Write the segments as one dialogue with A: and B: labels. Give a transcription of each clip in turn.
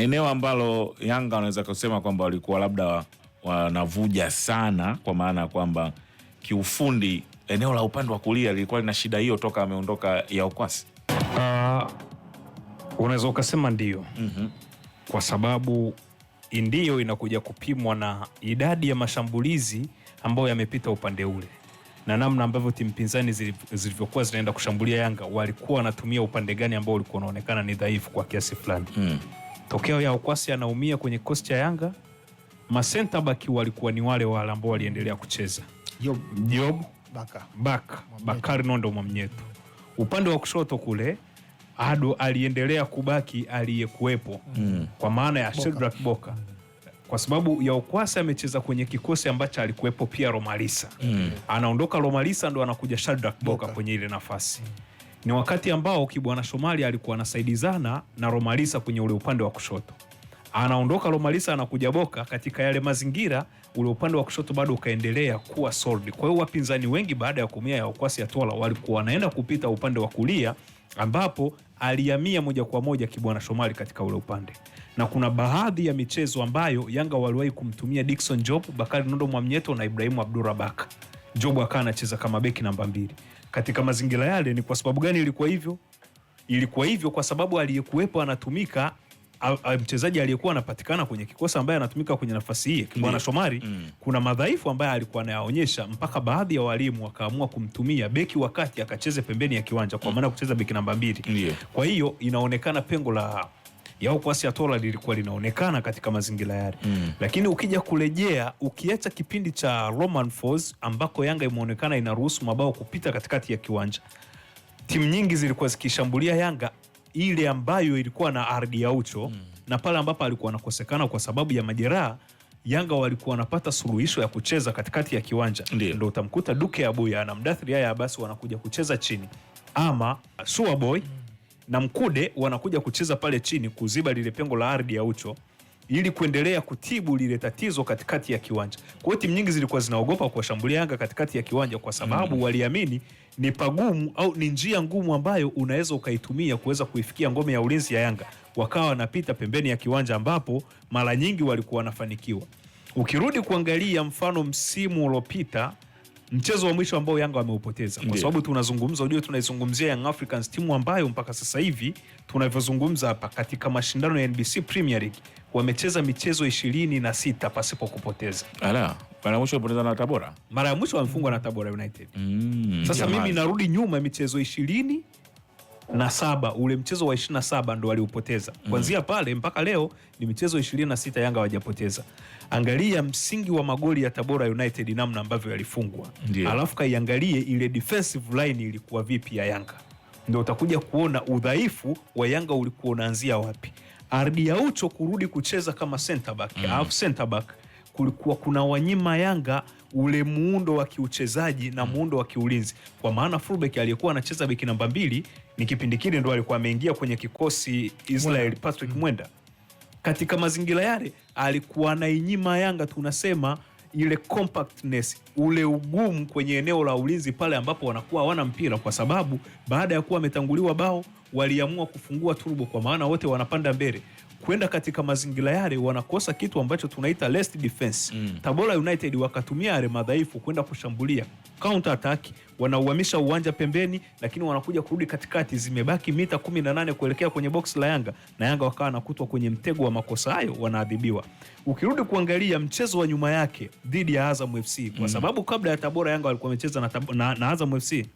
A: eneo ambalo Yanga wanaweza kusema kwamba walikuwa labda wanavuja sana, kwa maana ya kwamba kiufundi eneo la upande wa kulia lilikuwa lina shida hiyo toka ameondoka ya ukwasi.
B: Uh, unaweza ukasema ndio. mm -hmm. Kwa sababu ndiyo inakuja kupimwa na idadi ya mashambulizi ambayo yamepita upande ule na namna ambavyo timu pinzani zilivyokuwa zinaenda kushambulia Yanga, walikuwa wanatumia upande gani ambao ulikuwa unaonekana ni dhaifu kwa kiasi fulani. mm. Tokeo ya ukwasi anaumia kwenye kikosi cha Yanga. Masenta baki walikuwa ni wale wale ambao waliendelea kucheza Job, Job Baka, Baka, Bakari Nondo Mwamnyeto. Upande wa kushoto kule Ado aliendelea kubaki aliyekuwepo mm. kwa maana ya Shedrack Boka kwa sababu ya ukwasi amecheza kwenye kikosi ambacho alikuwepo pia Romalisa mm. anaondoka Romalisa ndo anakuja Shadrack Boka, Boka kwenye ile nafasi mm ni wakati ambao Kibwana Shomari alikuwa anasaidizana na Romalisa kwenye ule upande wa kushoto, anaondoka Romalisa anakuja Boka. Katika yale mazingira, ule upande wa kushoto bado ukaendelea kuwa solid. Kwa hiyo wapinzani wengi baada ya kumia ya ukwasi ya tola walikuwa wanaenda kupita upande wa kulia, ambapo aliamia moja kwa moja Kibwana Shomari katika ule upande, na kuna baadhi ya michezo ambayo Yanga waliwahi kumtumia Dickson Job, Bakari Nondo Mwamnyeto na Ibrahimu Abdurabaka. Job akawa anacheza kama beki namba mbili katika mazingira yale. Ni kwa sababu gani ilikuwa hivyo? Ilikuwa hivyo kwa sababu aliyekuwepo anatumika mchezaji aliyekuwa anapatikana kwenye kikosi ambaye anatumika kwenye nafasi hii Bwana Shomari mm. kuna madhaifu ambaye alikuwa anayaonyesha mpaka baadhi ya walimu wakaamua kumtumia beki wakati akacheze pembeni ya kiwanja, kwa mm. maana mm. kucheza beki namba mbili. Kwa hiyo inaonekana pengo la yao kwa ya tola lilikuwa linaonekana katika mazingira yale
A: mm. Lakini
B: ukija kurejea, ukiacha kipindi cha Roman Falls ambako Yanga imeonekana inaruhusu mabao kupita katikati ya kiwanja, timu nyingi zilikuwa zikishambulia Yanga ile ambayo ilikuwa na ardhi ya ucho mm. na pale ambapo alikuwa anakosekana kwa sababu ya majeraha Yanga walikuwa wanapata suluhisho ya kucheza katikati ya kiwanja, ndio utamkuta Duke Abuya na Mdathri Yaya basi wanakuja kucheza chini ama Boy mm na Mkude wanakuja kucheza pale chini kuziba lile pengo la ardhi ya Ucho ili kuendelea kutibu lile tatizo katikati ya kiwanja. Kwa hiyo timu nyingi zilikuwa zinaogopa kuwashambulia Yanga katikati ya kiwanja kwa sababu mm, waliamini ni pagumu au ni njia ngumu ambayo unaweza ukaitumia kuweza kuifikia ngome ya ulinzi ya Yanga, wakawa wanapita pembeni ya kiwanja ambapo mara nyingi walikuwa wanafanikiwa. Ukirudi kuangalia mfano msimu uliopita mchezo wa mwisho ambao Yanga wameupoteza, kwa sababu tunazungumza, unajua, tunaizungumzia Young Africans, timu ambayo mpaka sasa hivi tunavyozungumza hapa katika mashindano ya NBC Premier League wamecheza michezo ishirini na sita pasipo kupoteza.
A: Ala, mara ya mwisho walipoteza na Tabora,
B: mara ya mwisho wamefungwa na Tabora United.
A: Mm,
B: sasa mimi narudi nyuma michezo ishirini na saba ule mchezo wa ishirini na saba ndo waliupoteza mm. kuanzia pale mpaka leo ni michezo ishirini na sita Yanga hawajapoteza. Angalia msingi wa magoli ya Tabora United namna ambavyo yalifungwa, alafu kaiangalie ile defensive line ilikuwa vipi ya Yanga, ndo utakuja kuona udhaifu wa Yanga ulikuwa unaanzia wapi. Ardi ya ucho kurudi kucheza kama center back, mm. half center back kulikuwa kuna wanyima Yanga ule muundo wa kiuchezaji na muundo wa kiulinzi, kwa maana fullback aliyekuwa anacheza beki namba mbili ni kipindi kile ndo alikuwa ameingia kwenye kikosi Israel Patrick mm. Mwenda. Katika mazingira yale alikuwa anainyima Yanga tunasema ile compactness, ule ugumu kwenye eneo la ulinzi pale ambapo wanakuwa hawana mpira, kwa sababu baada ya kuwa wametanguliwa bao waliamua kufungua turbo, kwa maana wote wanapanda mbele kwenda katika mazingira yale wanakosa kitu ambacho tunaita rest defense.
A: Mm. Tabora
B: United wakatumia yale madhaifu kwenda kushambulia counter attack, wanauhamisha uwanja pembeni, lakini wanakuja kurudi katikati, zimebaki mita 18 kuelekea kwenye box la Yanga na Yanga wakawa anakutwa kwenye mtego wa makosa hayo, wanaadhibiwa. Ukirudi kuangalia mchezo wa nyuma yake dhidi ya Azam FC, kwa mm. sababu kabla ya Tabora Yanga walikuwa wamecheza na, na, na Azam FC,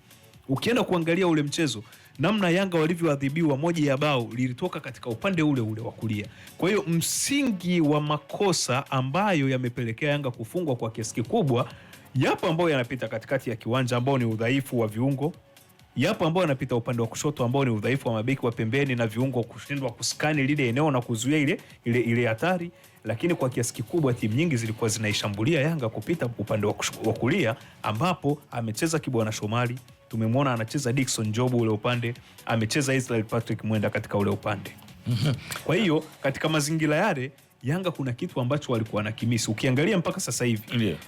B: ukienda kuangalia ule mchezo namna Yanga walivyoadhibiwa, moja ya bao lilitoka katika upande ule ule wa kulia. Kwa hiyo msingi wa makosa ambayo yamepelekea Yanga kufungwa kwa kiasi kikubwa, yapo ambayo yanapita katikati ya kiwanja ambao ni udhaifu wa viungo, yapo ambayo yanapita upande wa kushoto ambao ni udhaifu wa mabeki wa pembeni na viungo kushindwa kuskani lile eneo na kuzuia ile ile ile hatari. Lakini kwa kiasi kikubwa timu nyingi zilikuwa zinaishambulia Yanga kupita upande wa kulia, ambapo amecheza Kibwana Shomari tumemwona anacheza Dickson jobu ule upande, amecheza Israel Patrick Mwenda katika ule upande. Mhm. Kwa hiyo katika mazingira yale Yanga kuna kitu ambacho walikuwa na kimisi, ukiangalia mpaka sasa hivi.